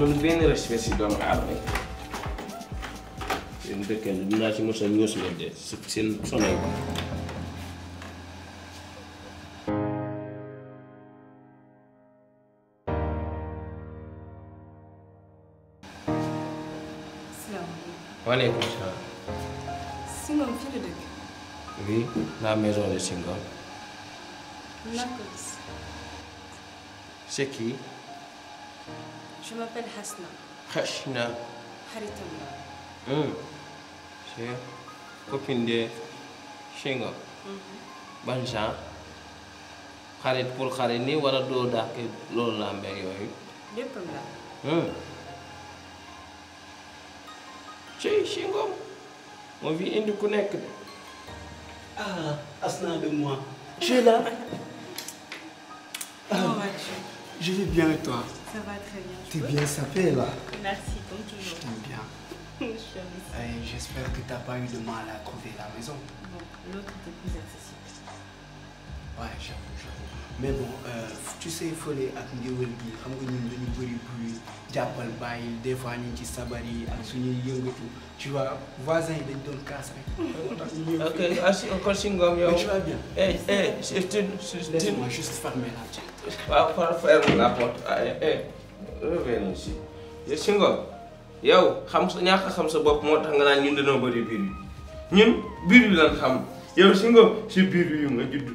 loolu benn respect si doomu aadama yi seen dëkkandoo dinaa si mos a ñuus leen de seen sonal Waaleykum salaam. Singom fii la dëkk. Oui, la maison de Singom. D'accord. C'est qui? Je m'appelle Hasna. Hasna. Haritam. Hmm. C'est copine de pour xarit nii wala doo dàqe loolu laa mbéy yooyu. léppam la. ci si ngoom moo fi indi ku nekk de. ah de moi. tu es là. ah je vais bien avec Ça va très bien. T'es bien sapée là. Merci, comme toujours. Je t'aime bien. Eh, j'espère je que t'as pas eu de mal à trouver la maison. Bon, l'autre était plus accessible. waaye chapeau chapeau mais bon euh, tu sais fële ak ngéwél bi xam nga ñun dañu bëri bruit jàppal bàyyi des fois ñu ci sabar yi ak suñuy yëngatu tu vois voisins yi dañ doon kaas rek. ok ah, encore si ngoom yow. tu vas bien. eh eh laisse-moi juste fermer la porte. waaw par fermer la porte ah, eh, eh revenons si si ngoom yow xam sa ñàkk xam sa bopp moo tax nga naan ñun dañoo bëri biir yi ñun biir yu lan xam yow si ngoom si biir yu nga judd.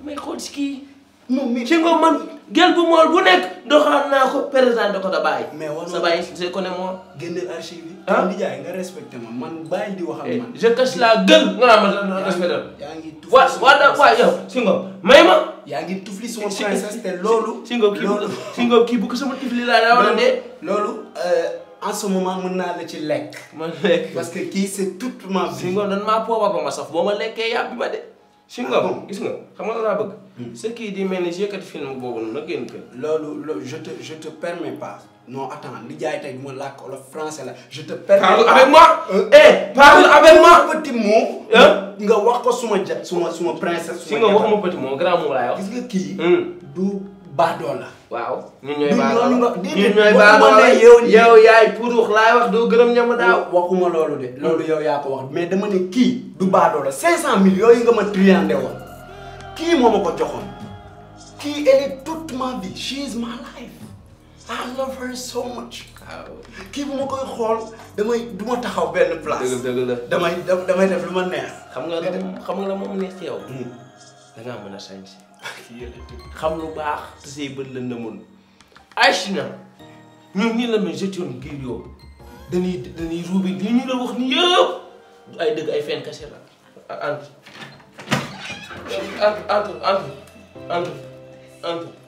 damay xool si kii. non mais ci man gel bu mool bu nekk doxal naa ko présenté ko da bàyyi. mais warul sa bàyyi je connais moi. génne archive ah di jaay nga respecté ma man bàyyi di wax a eh, man. la gueule nga naan ma respecté ma. yaa ngi tufli wa si nga ma. yaa ngi tufli sama princesse te loolu. si nga kii bu si nga kii bu ko sama tufli laa daa war a dee. loolu euh, en ce moment mën naa la ci lekk. ma lekk parce que kii c'est toute ma vie. si nga doon ma de. si nga ah gis nga xam a laa bëgg. Hmm. ce qui di mel ni yëkkati film boobu la génn kër. loolu loolu je te je te permets pas. non attends li jaay tey du ma làkk wala français la je te permets. parle avec moi. Euh, eh parle avec moi. petit mot. nga wax ko suma ja suma suma princesse. suma si nga wax ma petit mot grand mot laay wax. gis nga kii. Hmm. du. baadoola. waaw ñun ñooy baadoola ñun ñooy baadoola yow yaay puudux laay wax doo gërëm ñam daaw. waxuma loolu de loolu yow yaa ko wax mais dama ne kii du baadoola 500000 yooyu nga ma triandé woon kii moo ma ko joxoon kii elle est ma vie she is my life I love her so much. kii bu ma koy xool damay du ma taxaw benn place. dëgg la damay damay def lu ma neex. xam nga la moom neex ci yow. Hmm. da ngaa mën a sañ si xam lu baax te say bët la nëmoon Aïchina ñun ñi la may jeton gir yoo dañuy dañuy ruubi li ñu la wax ni yëpp ay dëgg ay fen kase la entre entre entre entre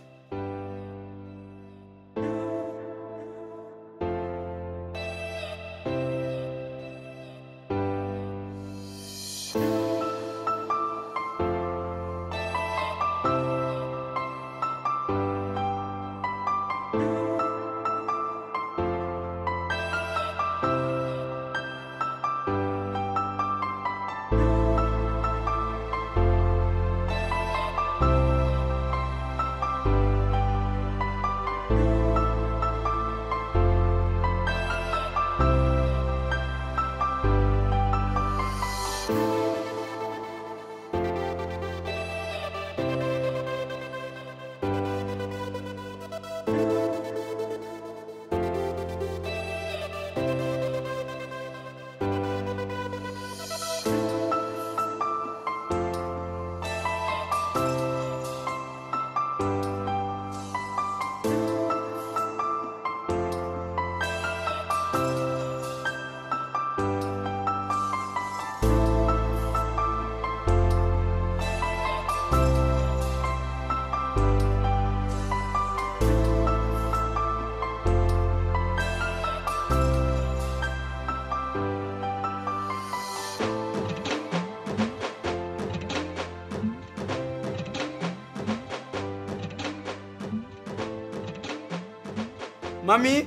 Mami?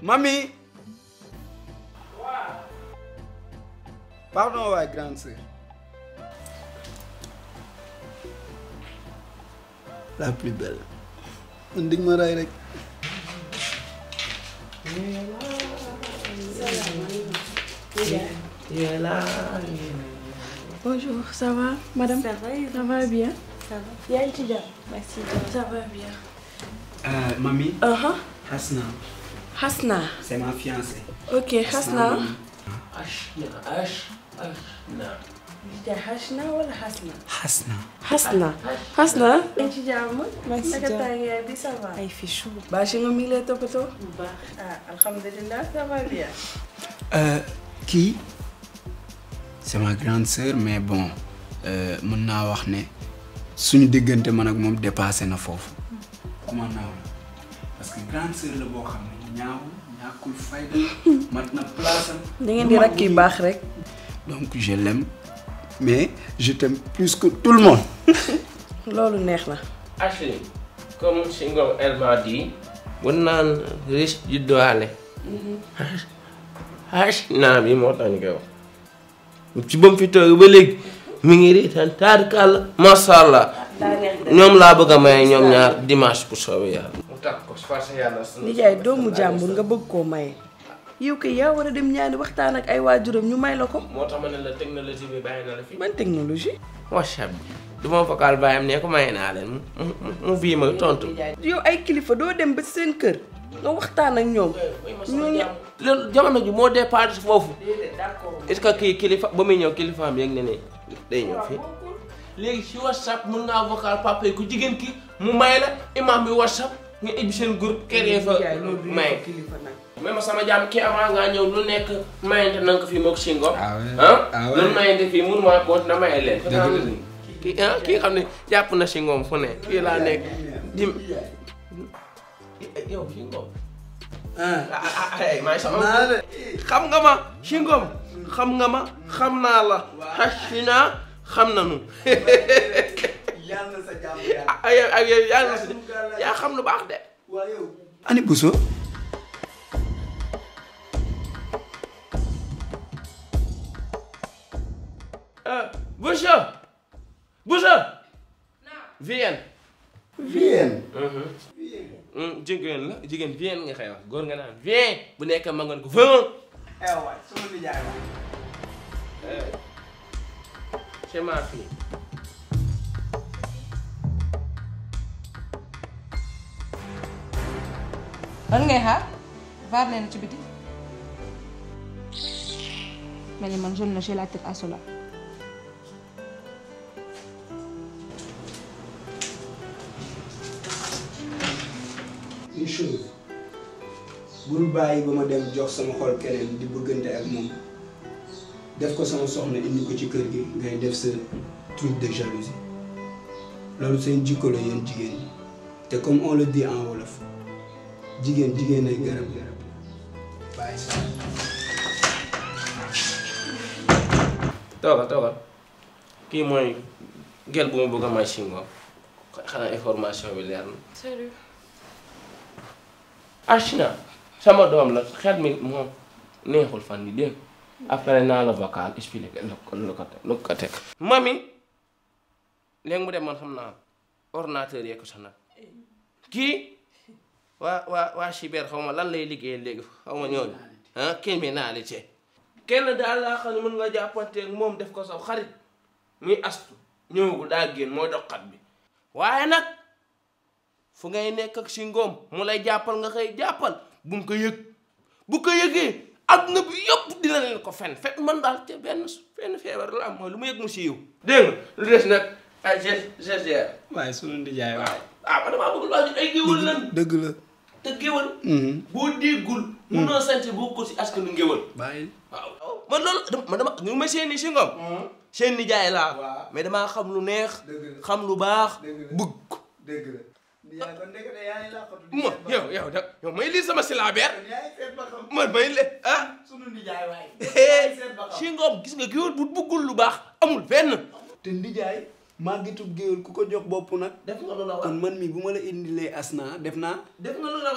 Mami? Pardon, ma grande sœur. La plus belle. man dig ma ray rek. Bonjour, ça va, madame? Ça va bien. ça va. yaa ngi ci jàmm. merci ça va bien. Euh, mami. Uh -huh. Hasna. Hasna. c'est ma fiancée. ok Hasna. Hasna Hasna. Hasna wala Hasna. Hasna. Hasna. Hasna. yaa ngi ci jàmm. merci jàmm naka tàngaay bi euh, ça va. ay fichu. bâche nga mi ngi lay toppatoo. bu baax ah, ah alhamdulilah ça va bien. Euh, kii. c'est ma grande sœur mais bon euh, mën naa wax ne. suñu diggante man ak moom dépasé na foofu. kuma que grande sœur di rakk yu baax rek. donc je l'aime mais je t'aime plus que tout le monde. loolu neex na. Ashley comme si nga elle m'a naa bi moo tax ñu ci ba mu fi toog ba léegi. mi ngi reetaan taarikàlla macha allah ñoom laa bëgg a maye ñoom ñaar dimanche bu soowee yàlla. mu tàgg ko fàtte yàlla. nijaay doomu jàmbur nga bëgg koo may yow kay yaa war a dem ñaani waxtaan ak ay waajuram ñu may la ko. moo tax ma ne la technologie bi bàyyi na la fi. man technologie. whatsapp ma vocal bàyyam ne ko may naa leen mu mu bii ma tontu. yow ay kilifa doo dem ba seen kër nga waxtaan ak ñoom. ñooñu loolu jamono ji moo départ foofu. est-ce que kii kilifa ba muy ñëw kilifaam yëg na ne. day ñëw fii léegi si whatsapp mën naa vocal papa ku jigéen ki mu may la imam bi whatsapp nga ibbi seen groupe créé fa may même sama jàmm kii avant ngaa ñëw lu nekk mayante na nga ko fii moog singo ah, ah, ah lu mayante fii mun maa compte na maye leen kii ah, xam ne jàpp na singoom fu ne fii laa nekk dim yow singoom ah ay maa xam nga ma singoom xam nga ma xam naa la xashinaa xam nanu yàlla yaa xam lu baax de ani Bousso euh, Bousso Bousso vienne vienne uh-huh. hmm, jigéen la jigéen vienne nga xëy wax góor nga naan vienne bu nekk ma ngoon ko vienne ew waay su ma di jaay ngay xaar vaar leen ci biti. mais man je ne suis la bul bàyyi ba ma dem jox sama xol keneen di bëggante ak moom def ko sama soxna indi ko ci kër gi ngay def sa truc de jalousie loolu seen jikko la yéen jigéen te comme on le dit wolof jigéen jigéen ay garab garab bàyyi sa kii mooy gel bu ma bëgg a may xanaa information bi leer na. Salut. sama doom la xel mi moom neexul fan yi dégg après naa la vocal expliqué lu ko lu ko teg mami léegi mu dem man xam naa ordinateur yee ko sax nag kii waa waa waa cyber xaw ma lan lay liggéey léegi xaw ma ñëw ah kenn daal laa xam ne mën nga jàppanteeg moom def ko sax xarit muy astu ñëwagul daa génn mooy doxat bi waaye nag fu ngay nekk si ngoom mu lay jàppal nga koy jàppal bu mu ko yëg bu ko yëgee adduna bi yëpp dina leen ko fenn fekk man daal te benn benn feebar la mooy lu mu yëg mu siiw. dégg nga lu des nag ay GGR. waaye sunu ndijaay waaye. Ah, dëgg la. te géwël. Mm-hmm. boo déggul. Mm-hmm. mënoo sant boo ko si askanu géwël. bàyyi waaw. man loolu man dama ñu ma seen i si ngom. Mm-hmm. seen nijaay laa. mais damaa xam lu neex. xam lu baax. bëgg. mo yow yow da yow may lii sama silaabeer man may li ah si ngoom gis nga géwél bu buggul lu baax amul fenn te maa màggitub géwél ku ko jox bopp nag def nga la war kon man mi bu ma la indilee as naa def naa def nga lu la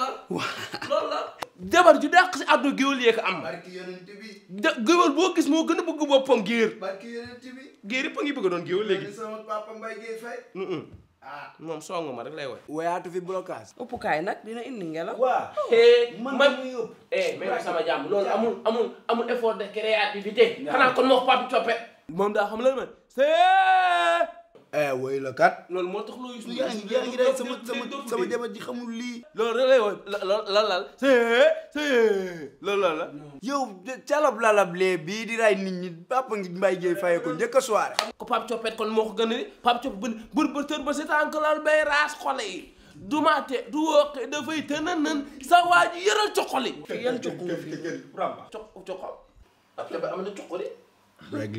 war ju dàq si àdduna géwél yee ko am barki yonent bi da géwél boo gis moo gën a bëgg boppam géer barki yonent bi géer a doon géwél léegi sama papa mbay Ah. moom songu ma rek lay woy wayaatu fi blocage uppukaay nag dina indi ngelaw waa man muy ëpp eh, mais sama jàmm lool amul amul amul effort de créativité xanaa kon moo papi coppe moom daa xam lan man c'est eh woy la kat. loolu moo tax loo yu yaa ngi yaa day sama sama sama jabar ji xamul lii. loolu rek la woy lan lan see see la. yow calab lalab lee di ray nit ñi papa ngi mbay jëy faye ko ko Pape moo ko gën a ni Pape Thiop ba tër ba setaan ko laal bay du maate du wokk dafay sa waa ji yëral coqali. yëral coqali fii ramba. co coqal. na coqali. rek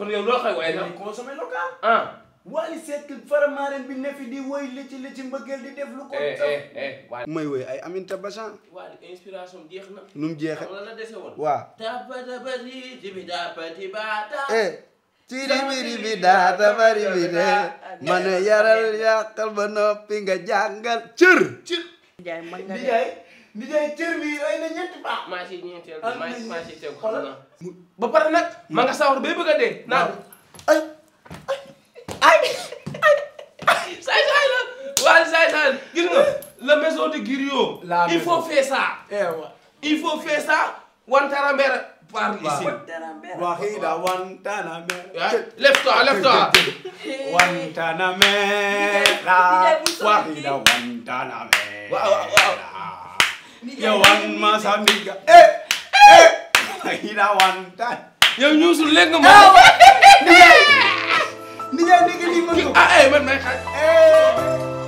kon yow loo xay waaye nag consommé local ah bi ne fi di woy li ci mbëggeel di def lu ko eh, eh, eh, may woy ay Aminta Bassan Wally inspiration jeex na nu mu jeexe la la dese woon waaw tapatabari dibi dapati ba ci bi daa tabari bi de ma yaral yàqal ba noppi nga jàngal cër cër nijaay cër ba pare nag. ma nga sawar bay bëgg a dee. ay ay ay saay saay waaye saay saay la la maison de Guiriot. la il faut faire ça. Eh, il faut faire ça yow wan ma sa miga eh eh ida wan tan yow nga ma ni nga ni nga ni nga ni nga ni nga ni nga ni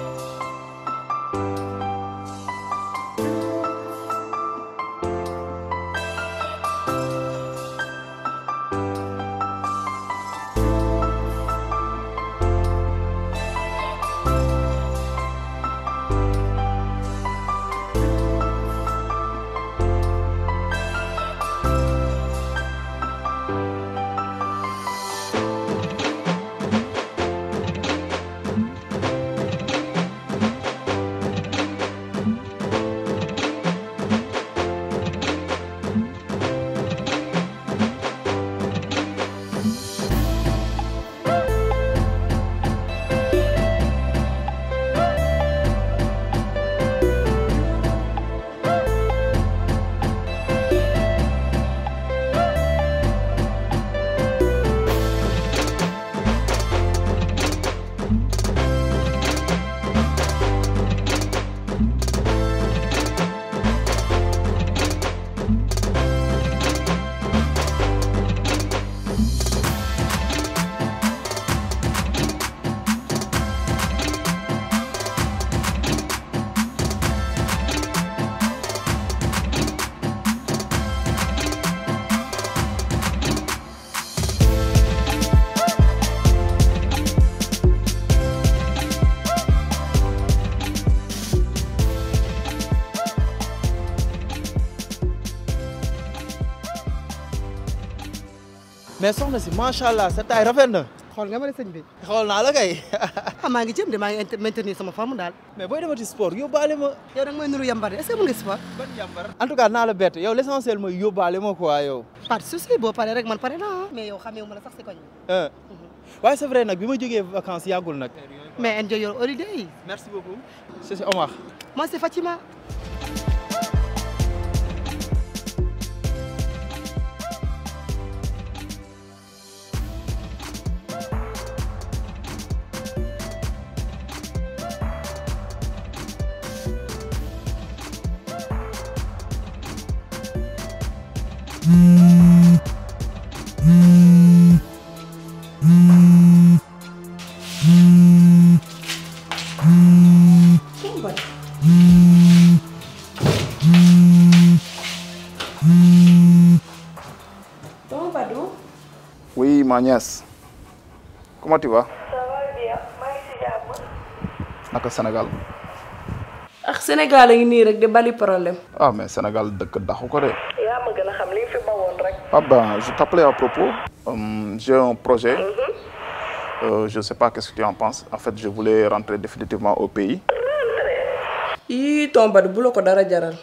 mais soxna si macha allah sa taay rafet na. xool nga ma ne sëñ bi. xool naa la ah, maa ngi jëm de maa ngi maintenir sama forme daal. mais booy demati sport yóbbaale ma. yow da nga may nuru yambar de est-ce que mën sport. ban yambar. en tout cas naa la bett yow l'essentiel mooy yóbbaale ma quoi yow. pas de souci boo rek man pare naa mais yow xamee wu ma la sax si koñ. Ah. waaye c'est vrai nag bi ma jógee vacances yàggul nag. mais enjoy your holiday. merci beaucoup. c'est Omar. moi c'est Oui, ma nièce. Comment tu vas? naka Sénégal. ah Sénégal a ngi nii rek de bali problème. ah mais Sénégal dëkk daxu ko de. Ah ben, je t'appelais à propos. Um, un projet. Mm -hmm. euh, je ne sais pas qu'est-ce que tu en penses. En fait, je voulais rentrer définitivement au pays. yii tombat bu la ko dara jaral.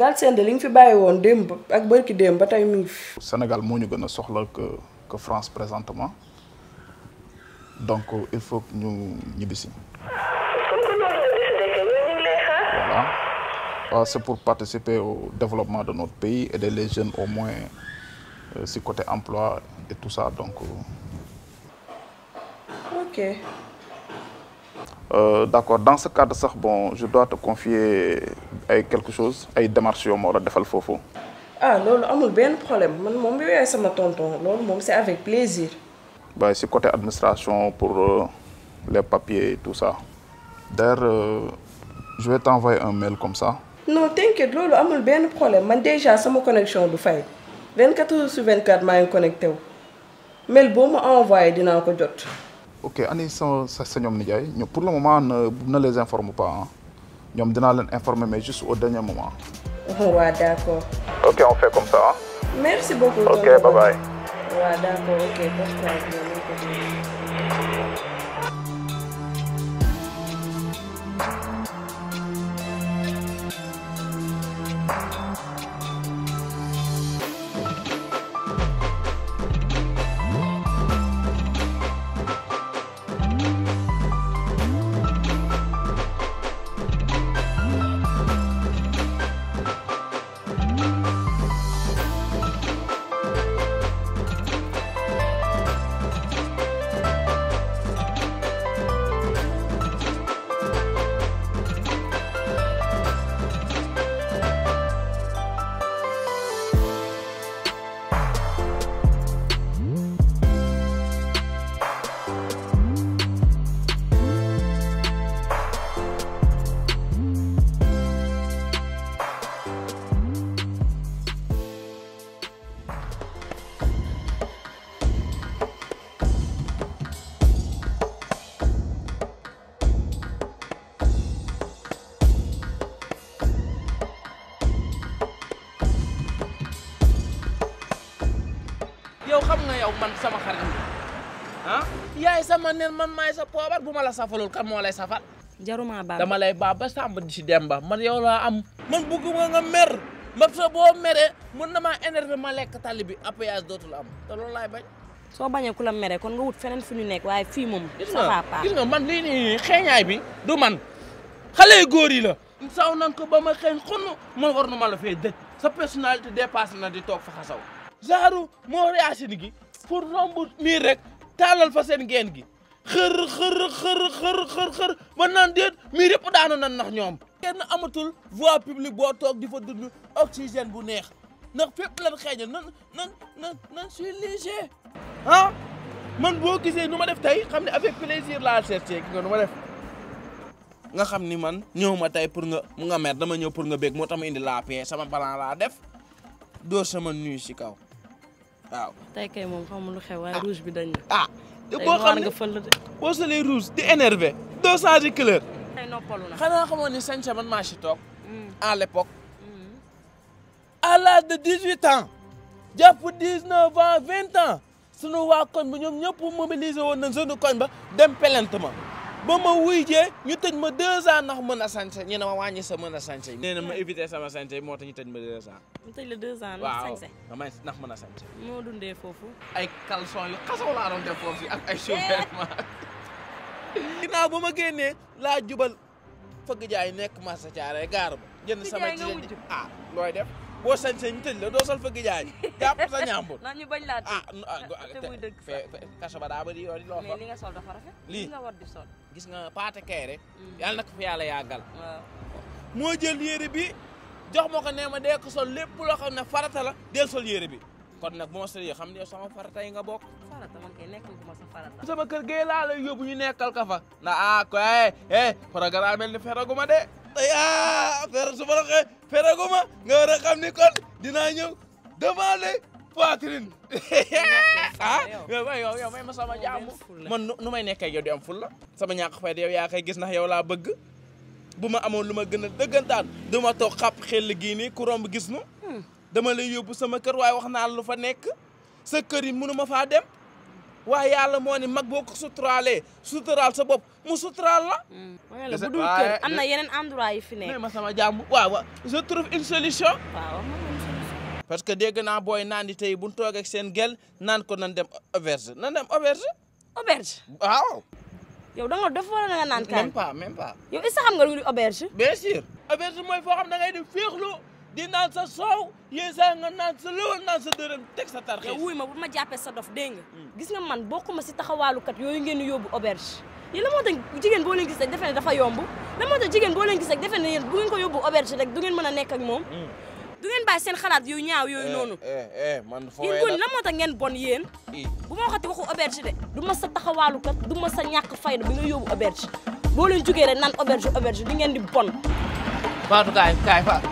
Galsen li nga fi bàyyi woon démb ak bërki démb ba tey mi ngi fi. Sénégal moo ñu gën a soxla que que France présentement donc euh, il faut que ñu ñibbisi. waaw euh, c'est pour participer au développement de notre pays aider les jeunes au moins euh, si côté emploi et tout ça donc. Euh. ok. Euh, d'accord dans ce cadre sax bon je dois te confier ay quelque chose ay démarches yoo ma war a defal foofu. ah loolu amul benn problème man moom bi yaay sama tonton loolu moom c'est avec plaisir. waaye si côté administration pour euh, les papiers et tout ça. d'ailleurs euh, je vais t'envoyer un mail comme ça. non t'inquiète loolu amul benn problème man déjà sama connexion du fay 24 heures sur 24 maa ngi connecté wu mail envoyé dinaa ko jot. ok ani sa sa sa ñoom nijaay ñoom pour le moment ne ne les informe pas ah ñoom dinaa leen informer mais juste au dernier moment. waaw d' accord. on fait comme ça ah. merci beaucoup. ok bye bye. waaw d' accord ok. yow xam nga yow man sama xarit ah yaay sama neer man maay sa poobar bu ma la safalul kan moo lay safal. jaruma baab dama lay baab ba sàmb di si demba ba man yow laa am. man bëgguma nga mer ma sa boo meree mën na maa énervé ma lekk tali bi appuyage dootul am te loolu laay bañ. soo bañee ku la mere kon nga wut feneen fu ñu nekk waaye fii moom. sa papa gis nga man lii nii xeeñaay bi du man xale yu góor yi la. saw ko ba ma xeeñ xunn man war na ma la fee dëj sa personnalité dépassé na di toog fa genre moo yaasin gi pour romb miir rek taalal fa seen geen gi xër xër xër xër xër xër ba naan déet miir yëpp daanu nan ndax ñoom kenn amatul voie publique boo toog di fa dund oxygène bu neex ndax fépp lan xeeñal nan nan nan nan suis ah, man boo gisee nu ma def tey xam ne avec plaisir laa cherché gi nga nu ma def nga xam ni man ñëw ma tey pour nga mu nga mer dama ñëw pour nga bég moo tax ma indi la paix sama balan laa def dóor sama nuyu ci kaw waaw tey kay moom xamul lu xew waaye ah. rouge bi dañ na. ah boo xam la boo solee rouge di énervé doo changé couleur. tey noppalu xamoon ni sañse man maa si toog. Hmm. à l'époque. Hmm. à l'âge de dix huit ans. jàpp dix neuf ans vingt ans. sunu waa koñ ba ñoom ñëpp mobiliser woon na zone koñ ba dem pelente ba ma wuy jee ñu tëj ma deux ans ndax mën a sañse ñu ne ma wàññi sa mën a sañse yi. nee na ma éviter sama sañse moo tax ñu tëj ma deux ans. ñu tëj la deux ans ndax sañse waaw damay ndax mën a sañse. moo dundee foofu. ay caleçon yu xasaw laa doon def foofu ak ay eh. ba ma génnee laa jubal fëgg jaay nekk marché Thiaray gaar ba jënd sama. ci ah looy def. boo sañsee ñu tëj la doo sol fëgg jaay jàpp sa ñàmbur. nan ñu bañ laa ah, ah, ah te muy dëgg ba daa bëri yoon loo sol dafa rafet. di gis nga Paate Kayre. Mm. yàlla na ko fi yàlla yàggal. moo jël yére bi jox ma ko nee ma dee ko sol lépp loo xam ne farata la del sol yére bi. kon nag bu ma sori xam ne sama farata yi nga bokk. ko sama kër gee laa lay yóbbu ñu nekkal ka fa. na ah ko eh programme mel ni feraguma de. tey ah feere su ma la xee ma nga war a xam ni kon dinaa ñëw demander poitrine ah yow yow yow may ma sama jàmm man nu may nekk ak yow di am la sama ñàkk fay yow yaa koy gis nax yow laa bëgg bu ma amoon lu ma gën a dëggantaan dama toog xàpp xel gii nii ku romb gis nu dama lay yóbbu sama kër waaye wax naa lu fa nekk sa kër yi mënu ma faa dem waaye yàlla moo ne mag boo ko suturaalee suturaal sa bopp mu suturaal la. mooy mm. la bu am na yeneen endroit yi fi nekk. mais ma sama jàmm waaw waaw je trouve parce que dégg naa booy naan di tey bu ñu ak seen gel naan ko nan dem auberge nan dem auberge. auberge waaw. yow da nga def wala da nga naan kaay. même pas yow est-ce que xam nga lu auberge. mooy foo xam da ngay dem féexlu. di naan sa soow yéen saa naan sa lëwal naan sa dërëm teg sa tarxees. wuy ma bu ma jàppee sa dof dégg nga. Hmm. gis nga man bokkuma si kat yooyu ngeen di yóbbu auberge. yéen la moo tax jigéen boo leen gis rek defe ne dafa yomb la moo tax jigéen boo leen gis rek defe ne ngeen ko yóbbu auberge rek du ngeen mën a nekk ak moom. Hmm. du ngeen bàyyi seen xalaat yu ñaaw yooyu eh, noonu. Eh, eh, man fooy la yéen la ngeen bon yéen. bu ma waxati waxu auberge de. du mas sa taxawaalukat du ma sa ñàkk fayda bi nga yóbbu auberge boo leen jógee rek naan auberge auberge di ngeen di bon. Fatou kaay